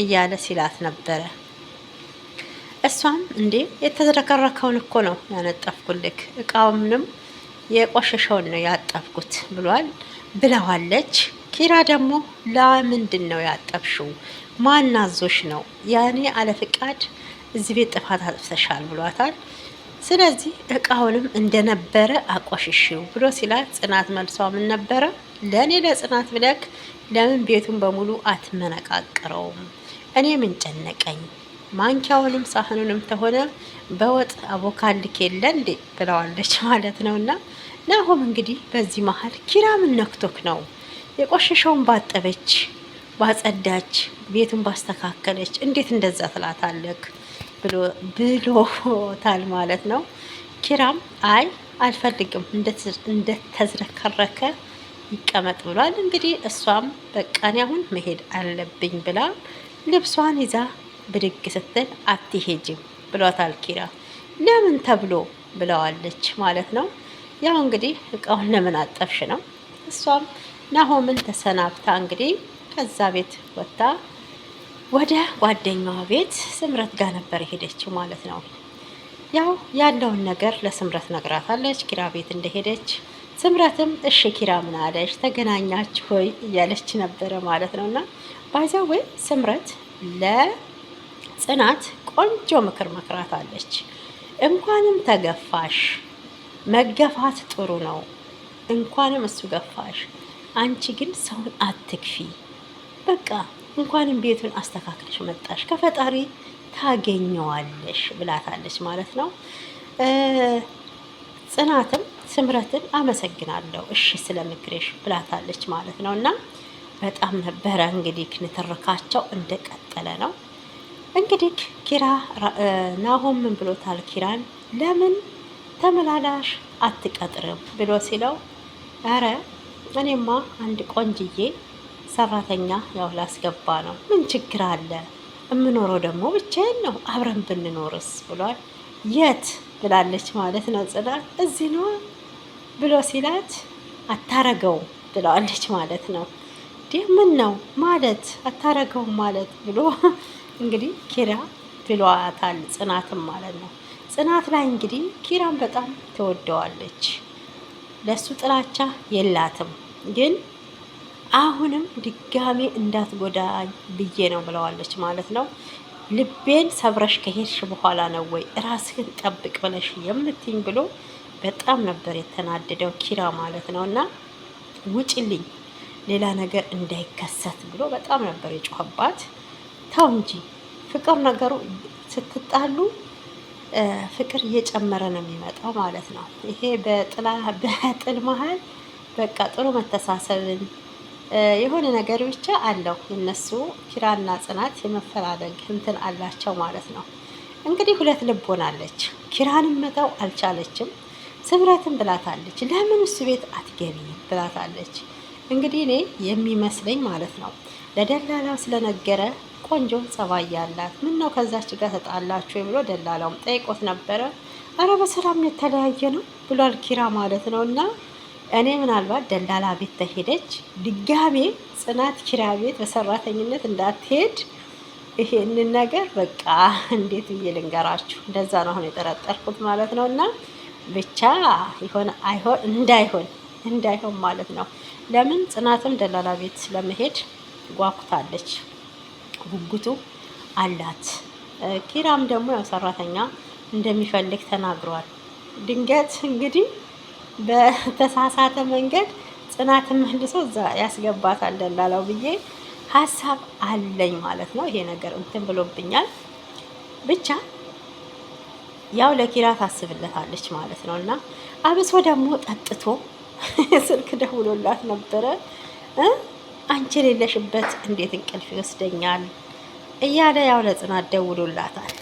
እያለ ሲላት ነበረ። እሷም እንዴ የተዝረከረከውን እኮ ነው ያነጠፍኩልክ፣ እቃውንም የቆሸሸውን ነው ያጠብኩት ብሏል ብለዋለች። ኪራ ደግሞ ለምንድን ነው ያጠብሽው? ማን አዞሽ ነው? ያኔ አለፍቃድ እዚህ ቤት ጥፋት አጥፍተሻል ብሏታል። ስለዚህ እቃውንም እንደነበረ አቆሽሽው ብሎ ሲላት ጽናት መልሷ ምን ነበረ? ለእኔ ለጽናት ብለክ ለምን ቤቱን በሙሉ አትመነቃቅረውም? እኔ ምን ጨነቀኝ፣ ማንኪያውንም ሳህኑንም ተሆነ በወጥ አቦካልክ የለ እንዴ ብለዋለች ማለት ነው። እና ናሆም እንግዲህ በዚህ መሀል ኪራምን ነክቶክ ነው? የቆሸሸውን ባጠበች ባጸዳች፣ ቤቱን ባስተካከለች እንዴት እንደዛ ትላታለክ ብሎታል ማለት ነው። ኪራም አይ አልፈልግም እንደተዝረከረከ ይቀመጥ ብሏል። እንግዲህ እሷም በቃ እኔ አሁን መሄድ አለብኝ ብላ ልብሷን ይዛ ብድግ ስትል አትሄጅም ብሏታል ኪራ። ለምን ተብሎ ብለዋለች ማለት ነው። ያው እንግዲህ እቃውን ለምን አጠፍሽ ነው። እሷም ናሆምን ተሰናብታ እንግዲህ ከዛ ቤት ወጥታ ወደ ጓደኛዋ ቤት ስምረት ጋር ነበር የሄደችው ማለት ነው። ያው ያለውን ነገር ለስምረት ነግራታለች ኪራ ቤት እንደሄደች ስምረትም እሺ ኪራ ምን አለሽ ተገናኛች ሆይ እያለች ነበረ ማለት ነው። እና ወይ ስምረት ለጽናት ቆንጆ ምክር መክራት አለች። እንኳንም ተገፋሽ፣ መገፋት ጥሩ ነው። እንኳንም እሱ ገፋሽ፣ አንቺ ግን ሰውን አትክፊ። በቃ እንኳንም ቤቱን አስተካክለሽ መጣሽ፣ ከፈጣሪ ታገኘዋለሽ ብላታለች ማለት ነው ጽናትም ስምረትን አመሰግናለሁ እሺ ስለ ምክሬሽ ብላታለች ማለት ነው። እና በጣም ነበረ እንግዲህ ንትርካቸው እንደቀጠለ ነው። እንግዲህ ኪራ ናሆም ምን ብሎታል? ኪራን ለምን ተመላላሽ አትቀጥርም ብሎ ሲለው ኧረ እኔማ አንድ ቆንጅዬ ሰራተኛ ያው ላስገባ ነው፣ ምን ችግር አለ? የምኖረው ደግሞ ብቻዬን ነው፣ አብረን ብንኖርስ ብሏል። የት ብላለች ማለት ነው ጽናት እዚህ ነው ብሎ ሲላት አታረገው ብለዋለች ማለት ነው። ዲህ ምን ነው ማለት አታረገው ማለት ብሎ እንግዲህ ኪራ ብሏታል ጽናትም ማለት ነው። ጽናት ላይ እንግዲህ ኪራን በጣም ትወደዋለች። ለሱ ጥላቻ የላትም ግን አሁንም ድጋሜ እንዳትጎዳኝ ብዬ ነው ብለዋለች ማለት ነው። ልቤን ሰብረሽ ከሄድሽ በኋላ ነው ወይ ራስህን ጠብቅ ብለሽ የምትኝ ብሎ በጣም ነበር የተናደደው ኪራ ማለት ነው። እና ውጭልኝ፣ ሌላ ነገር እንዳይከሰት ብሎ በጣም ነበር የጮኸባት። ተው እንጂ ፍቅር ነገሩ ስትጣሉ ፍቅር እየጨመረ ነው የሚመጣው ማለት ነው። ይሄ በጥላ በጥል መሀል በቃ ጥሩ መተሳሰብን የሆነ ነገር ብቻ አለው። እነሱ ኪራና ጽናት የመፈላለግ እንትን አላቸው ማለት ነው። እንግዲህ ሁለት ልቦናለች። ኪራንም መተው አልቻለችም። ስብረትን ብላታለች። ለምን እሱ ቤት አትገቢ ብላታለች። እንግዲህ እኔ የሚመስለኝ ማለት ነው ለደላላው ስለነገረ ቆንጆ ጸባይ ያላት ምን ነው ከዛች ጋር ተጣላችሁ ብሎ ደላላውም ጠይቆት ነበረ። አረ በሰላም የተለያየ ነው ብሏል ኪራ ማለት ነው። እና እኔ ምናልባት ደላላ ቤት ተሄደች ድጋሜ ጽናት ኪራ ቤት በሰራተኝነት እንዳትሄድ ይሄንን ነገር በቃ እንዴት ብዬ ልንገራችሁ፣ እንደዛ ነው አሁን የጠረጠርኩት ማለት ነው እና ብቻ ይሆን አይሆን እንዳይሆን እንዳይሆን ማለት ነው። ለምን ጽናትም ደላላ ቤት ለመሄድ ጓጉታለች፣ ጉጉቱ አላት። ኪራም ደግሞ ያው ሰራተኛ እንደሚፈልግ ተናግሯል። ድንገት እንግዲህ በተሳሳተ መንገድ ጽናትን መልሶ እዛ ያስገባታል ደላላው ብዬ ሀሳብ አለኝ ማለት ነው። ይሄ ነገር እንትን ብሎብኛል ብቻ ያው ለኪራ ታስብለታለች ማለት ነው። እና አብሶ ደግሞ ጠጥቶ ስልክ ደውሎላት ነበረ። አንቺ የሌለሽበት እንዴት እንቅልፍ ይወስደኛል እያለ ያው ለጽናት ደውሎላታል።